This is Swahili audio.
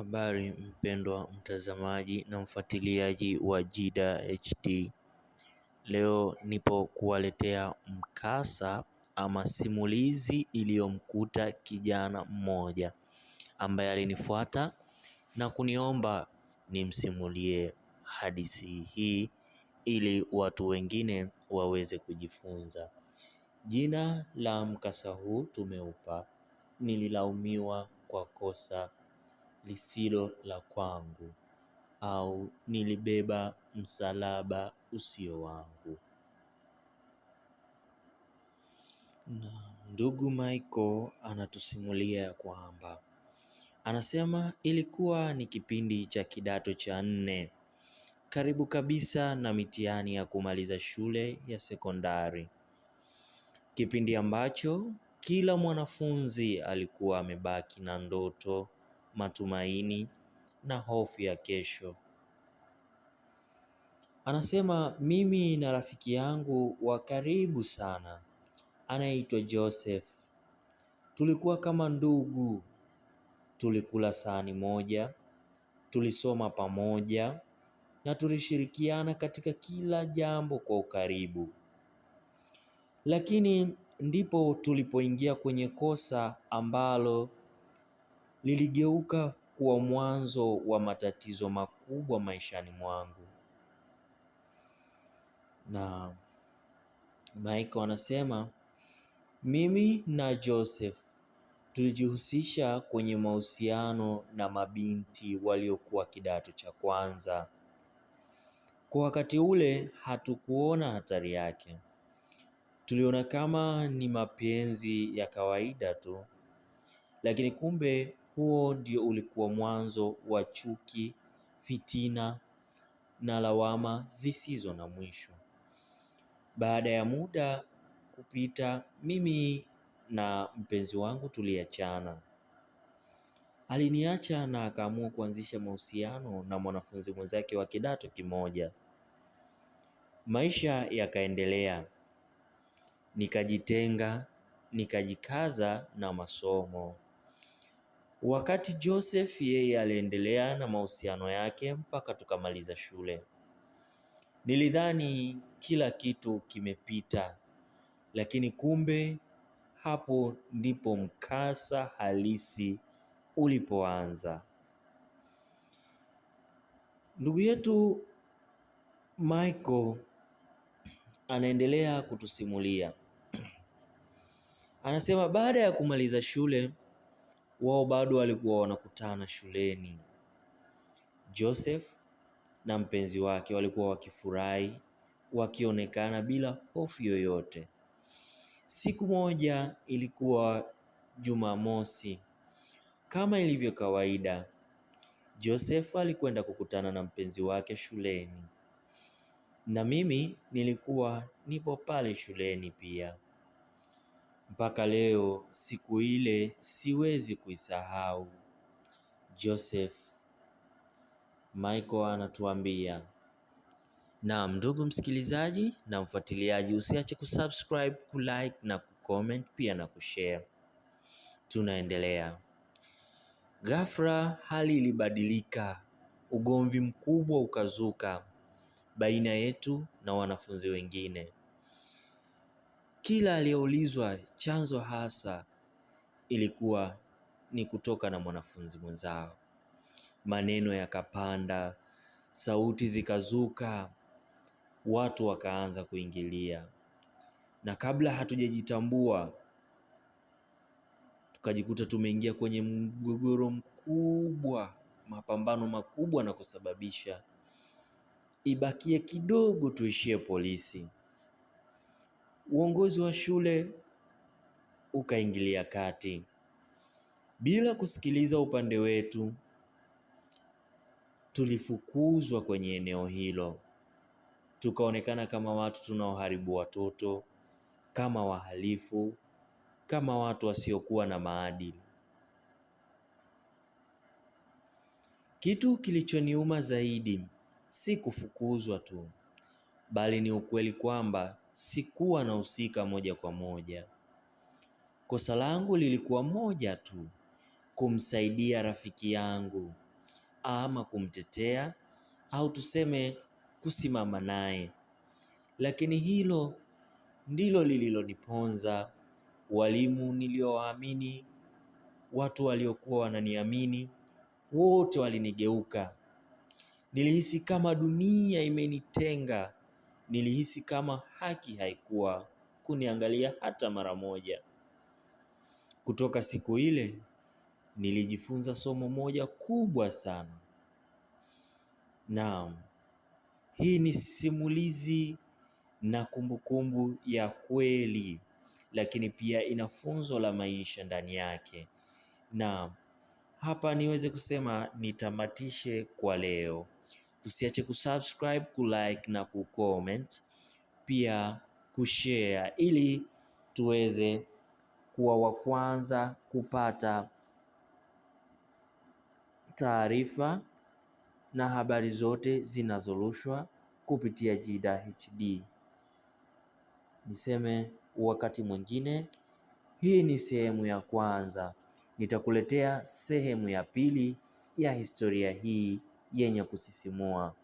Habari mpendwa mtazamaji na mfuatiliaji wa Jida HD. Leo nipo kuwaletea mkasa ama simulizi iliyomkuta kijana mmoja ambaye alinifuata na kuniomba nimsimulie hadithi hii ili watu wengine waweze kujifunza. Jina la mkasa huu tumeupa nililaumiwa kwa kosa lisilo la kwangu, au nilibeba msalaba usio wangu. Na ndugu Michael anatusimulia ya kwamba anasema ilikuwa ni kipindi cha kidato cha nne, karibu kabisa na mitihani ya kumaliza shule ya sekondari, kipindi ambacho kila mwanafunzi alikuwa amebaki na ndoto matumaini na hofu ya kesho. Anasema mimi na rafiki yangu wa karibu sana anaitwa Joseph. Tulikuwa kama ndugu. Tulikula sahani moja, tulisoma pamoja na tulishirikiana katika kila jambo kwa ukaribu. Lakini ndipo tulipoingia kwenye kosa ambalo liligeuka kuwa mwanzo wa matatizo makubwa maishani mwangu. Na Mike anasema mimi na Joseph tulijihusisha kwenye mahusiano na mabinti waliokuwa kidato cha kwanza. Kwa wakati ule hatukuona hatari yake, tuliona kama ni mapenzi ya kawaida tu, lakini kumbe huo ndio ulikuwa mwanzo wa chuki, fitina na lawama zisizo na mwisho. Baada ya muda kupita, mimi na mpenzi wangu tuliachana. Aliniacha na akaamua kuanzisha mahusiano na mwanafunzi mwenzake wa kidato kimoja. Maisha yakaendelea, nikajitenga, nikajikaza na masomo. Wakati Joseph yeye aliendelea na mahusiano yake mpaka tukamaliza shule. Nilidhani kila kitu kimepita, lakini kumbe hapo ndipo mkasa halisi ulipoanza. Ndugu yetu Michael anaendelea kutusimulia, anasema baada ya kumaliza shule wao bado walikuwa wanakutana shuleni. Joseph na mpenzi wake walikuwa wakifurahi, wakionekana bila hofu yoyote. Siku moja ilikuwa Jumamosi. Kama ilivyo kawaida, Joseph alikwenda kukutana na mpenzi wake shuleni, na mimi nilikuwa nipo pale shuleni pia. Mpaka leo siku ile siwezi kuisahau. Joseph Michael anatuambia. Naam, ndugu msikilizaji na mfuatiliaji, usiache kusubscribe, kulike na kucomment pia na kushare. Tunaendelea. Ghafla hali ilibadilika, ugomvi mkubwa ukazuka baina yetu na wanafunzi wengine. Kila aliyeulizwa chanzo hasa ilikuwa ni kutoka na mwanafunzi mwenzao. Maneno yakapanda, sauti zikazuka, watu wakaanza kuingilia, na kabla hatujajitambua tukajikuta tumeingia kwenye mgogoro mkubwa, mapambano makubwa, na kusababisha ibakie kidogo tuishie polisi uongozi wa shule ukaingilia kati bila kusikiliza upande wetu. Tulifukuzwa kwenye eneo hilo, tukaonekana kama watu tunaoharibu watoto, kama wahalifu, kama watu wasiokuwa na maadili. Kitu kilichoniuma zaidi si kufukuzwa tu, bali ni ukweli kwamba sikuwa nahusika moja kwa moja. Kosa langu lilikuwa moja tu, kumsaidia rafiki yangu ama kumtetea au tuseme kusimama naye, lakini hilo ndilo lililoniponza walimu niliowaamini, watu waliokuwa wananiamini, wote walinigeuka. Nilihisi kama dunia imenitenga, nilihisi kama haki haikuwa kuniangalia hata mara moja. Kutoka siku ile nilijifunza somo moja kubwa sana. Naam, hii ni simulizi na kumbukumbu kumbu ya kweli, lakini pia ina funzo la maisha ndani yake. Naam, hapa niweze kusema nitamatishe kwa leo. Tusiache kusubscribe, kulike na kucomment, pia kushare ili tuweze kuwa wa kwanza kupata taarifa na habari zote zinazorushwa kupitia Jida HD. Niseme wakati mwingine, hii ni sehemu ya kwanza. Nitakuletea sehemu ya pili ya historia hii yenye kusisimua.